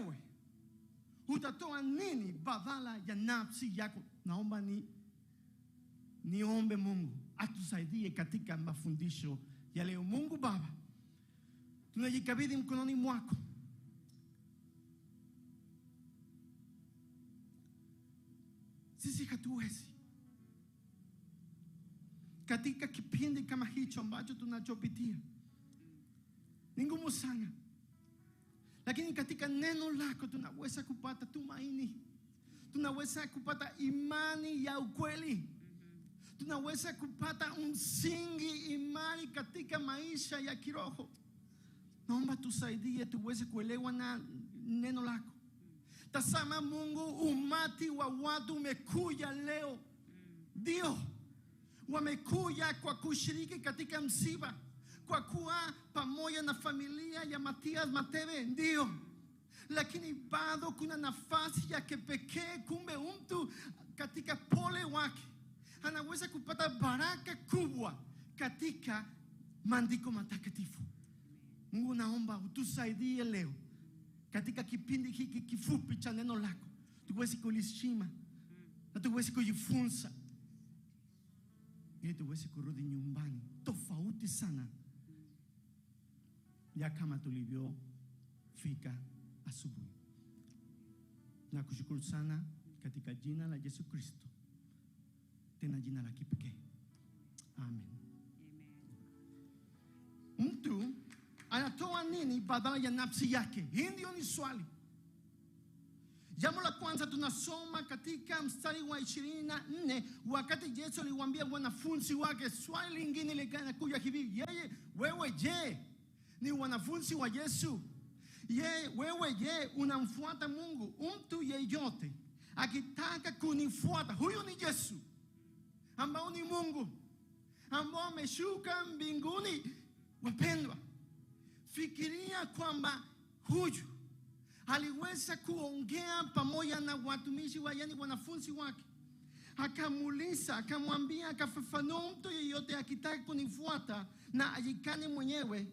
wewe utatoa nini badala ya nafsi yako? Naomba ni niombe Mungu atusaidie katika mafundisho ya leo. Mungu Baba, tunajikabidhi mkononi mwako. Sisi hatuwezi katika kipindi kama hicho ambacho tunachopitia, ni ngumu sana lakini katika neno lako tunaweza kupata tumaini, tunaweza kupata imani ya ukweli, mm-hmm. tunaweza kupata msingi imani katika maisha ya kiroho. Naomba tusaidie tuweze kuelewa na neno lako. Mm-hmm. Tazama Mungu, umati wa watu umekuja leo, mm-hmm. ndio wamekuja kwa kushiriki katika msiba kwa kuwa pamoja na familia ya Matias Mateve ndio, lakini bado kuna nafasi ya kipekee. Kumbe mtu katika pole wake anaweza kupata baraka kubwa katika maandiko matakatifu. Mungu, naomba utusaidie leo katika kipindi hiki kifupi cha neno lako, tuweze kulishima na tuweze kujifunza ili tuweze kurudi nyumbani tofauti sana ya kama tulivyofika asubuhi. Na kushukuru sana katika jina la Yesu Kristo, tena jina la kipekee amen. Mtu anatoa nini badala ya nafsi yake? Hii ndio ni swali. Jambo la kwanza tunasoma katika mstari wa ishirini na nne wakati Yesu aliwaambia wanafunzi wake. Swali lingine kuja hivi, yeye wewe je, ni wanafunzi wa Yesu. Ye, wewe ye unamfuata Mungu? Mtu yeyote akitaka kunifuata, huyu ni Yesu ambao ni Mungu ambao ameshuka mbinguni. Wapendwa, fikiria kwamba huyu aliweza kuongea pamoja na watumishi wa yani wanafunzi wake, akamuuliza, akamwambia, akafafanua, mtu yeyote akitaka kunifuata na ajikane mwenyewe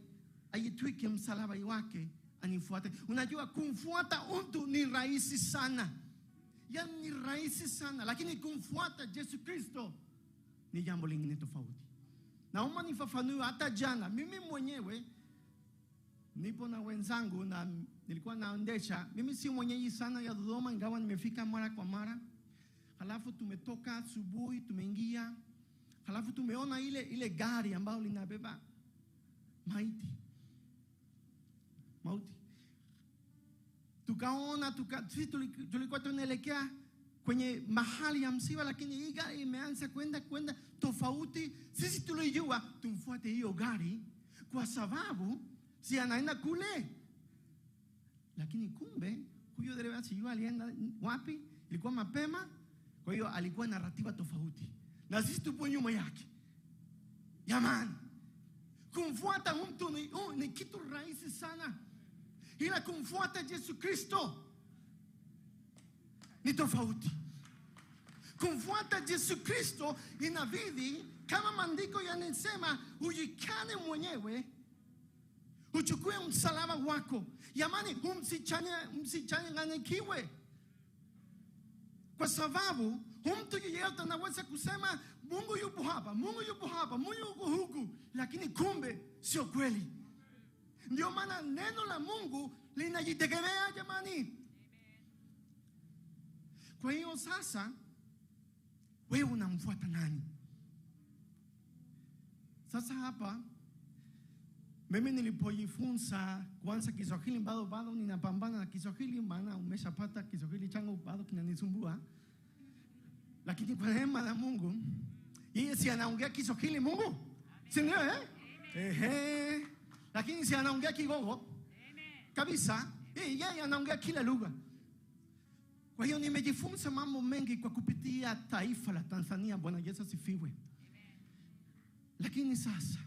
ajitwike msalaba wake anifuate. Unajua, kumfuata mtu ni rahisi sana, yani ni rahisi sana, lakini kumfuata Yesu Kristo ni jambo lingine tofauti. Naomba nifafanue. Hata jana mimi mwenyewe nipo na wenzangu na nilikuwa naendesha. Mimi si mwenyeji sana ya Dodoma, ingawa nimefika mara kwa mara. Halafu tumetoka asubuhi, tumeingia, halafu tumeona ile ile gari ambayo linabeba tukaona tuka, sisi tulikuwa tunaelekea kwenye mahali ya msiba, lakini hii gari imeanza kwenda kwenda tofauti. Sisi tulijua tumfuate hiyo gari kwa sababu si anaenda kule, lakini kumbe huyo dereva sijua alienda wapi, ilikuwa mapema. Kwa hiyo alikuwa na ratiba tofauti na sisi tupo nyuma yake. Jamani, kumfuata mtu ni, oh, ni kitu rahisi sana ila kumfuata Yesu Kristo ni tofauti. Kumfuata Yesu Kristo inabidi, kama maandiko yanasema, ujikane mwenyewe, uchukue msalaba wako. Yamani, msichanganyikiwe, kwa sababu mtu yeyote anaweza kusema Mungu yupo hapa, Mungu yupo hapa, Mungu yuko huku, lakini kumbe sio kweli. Ndio maana neno la Mungu linajitegemea jamani. Kwa hiyo sasa, wewe unamfuata nani? Sasa hapa mimi nilipojifunza kwanza Kiswahili, bado bado ninapambana na Kiswahili, maana umeshapata Kiswahili changu bado kinanisumbua, lakini kwa neema la Mungu, yeye si anaongea Kiswahili Mungu, si ndio? Eh? Ehe lakini si anaongea Kigogo kabisa, eh, yeye anaongea kila lugha. Kwa hiyo nimejifunza mambo mengi kwa kupitia taifa la Tanzania. Bwana Yesu asifiwe. Lakini sasa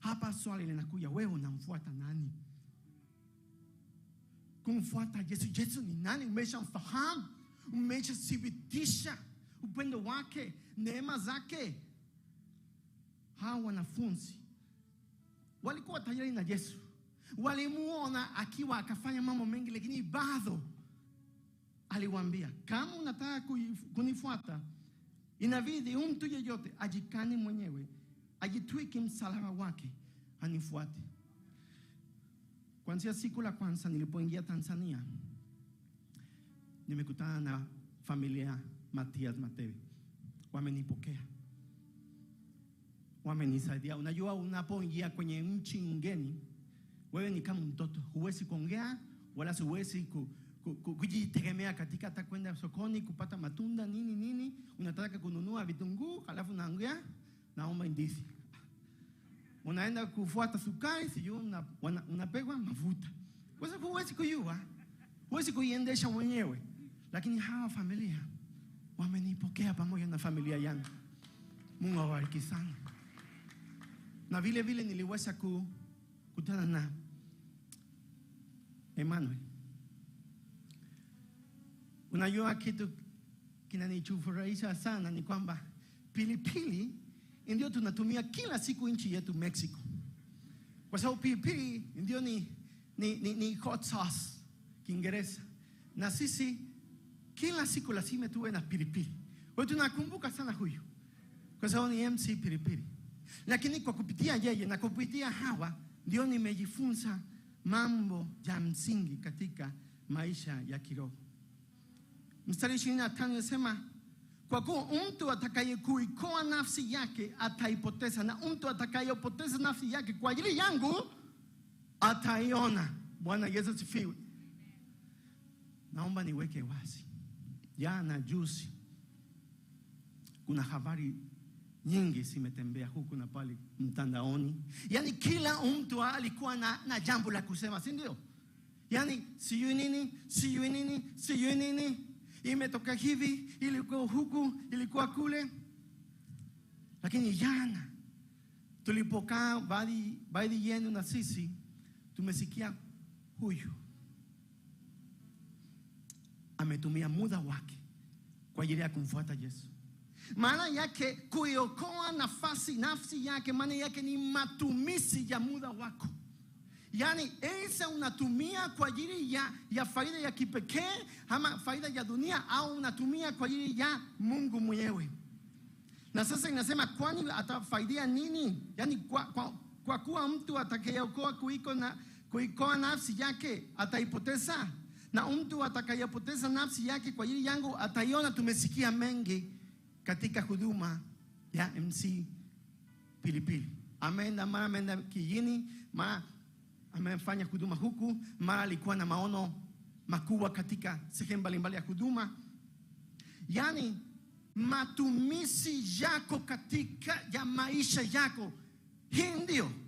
hapa swali linakuja, wewe unamfuata nani? Kumfuata Yesu. Yesu ni nani? Umeshamfahamu, umeshathibitisha upendo wake, neema zake. Hawa wanafunzi walikuwa tayari na Yesu, walimuona akiwa akafanya mambo mengi, lakini bado aliwaambia, kama unataka kunifuata inabidi mtu yeyote ajikane mwenyewe, ajitwike msalaba wake anifuate. Kuanzia siku la kwanza nilipoingia Tanzania, nimekutana na familia Matias Matewe, wamenipokea wamenisaidia. Unajua, unapoingia kwenye nchi ngeni, wewe ni kama mtoto, huwezi kuongea wala huwezi ku, ku, ku, kujitegemea katika hata kwenda sokoni kupata matunda nini nini. Unataka kununua vitunguu, halafu naongea naomba ndizi, unaenda kufuata sukari, sijui unapegwa una mafuta, kwa sababu huwezi kujua, huwezi kuiendesha mwenyewe. Lakini hawa familia wamenipokea pamoja na familia yangu. Mungu awabariki sana na vile vile niliweza kukutana na Emmanuel. Unajua kitu kinanichufurahisha sana ni kwamba pilipili ndio tunatumia kila siku nchi yetu Mexico, kwa sababu pilipili ndio ni, ni, ni, ni hot sauce Kiingereza, na sisi kila siku lazima tuwe na pilipili. Kwa hiyo tunakumbuka sana huyu, kwa sababu ni MC Pilipili. Lakini kwa kupitia yeye na kupitia hawa ndio nimejifunza mambo ya msingi katika maisha ya kiroho. Mstari ishirini na tano inasema kwa kuwa mtu kuikoa nafsi yake ataipoteza, na mtu atakayepoteza nafsi yake kwa ajili yangu ataiona. Bwana Yesu sifiwe. Naomba niweke wazi, jana juzi, kuna habari nyingi zimetembea huku na pale mtandaoni. Yani kila mtu alikuwa na, na jambo la kusema, si ndio? Yani sijui nini, sijui nini, sijui nini, imetoka hivi, ilikuwa huku, ilikuwa kule. Lakini jana tulipokaa baadhi baadhi yenu na sisi tumesikia huyu ametumia muda wake kwa ajili ya kumfuata Yesu. Maana yake kuiokoa nafasi nafsi yake, maana yake ni matumizi ya muda wako, yaani aidha unatumia kwa ajili ya, ya faida ya kipekee ama faida ya dunia, au unatumia kwa ajili ya Mungu mwenyewe. Na sasa inasema kwani atafaidia nini? Yaani kwa, kwa, kwa kuwa mtu atakayeokoa kuiko na kuikoa nafsi yake ataipoteza, na mtu atakayepoteza nafsi yake kwa ajili yangu ataiona. Tumesikia mengi katika huduma ya MC Pilipili. Ameenda mara ameenda kijini, mara amefanya huduma huku, mara alikuwa na maono makubwa katika sehemu mbalimbali ya huduma. Yaani matumizi yako katika ya maisha yako, hii ndio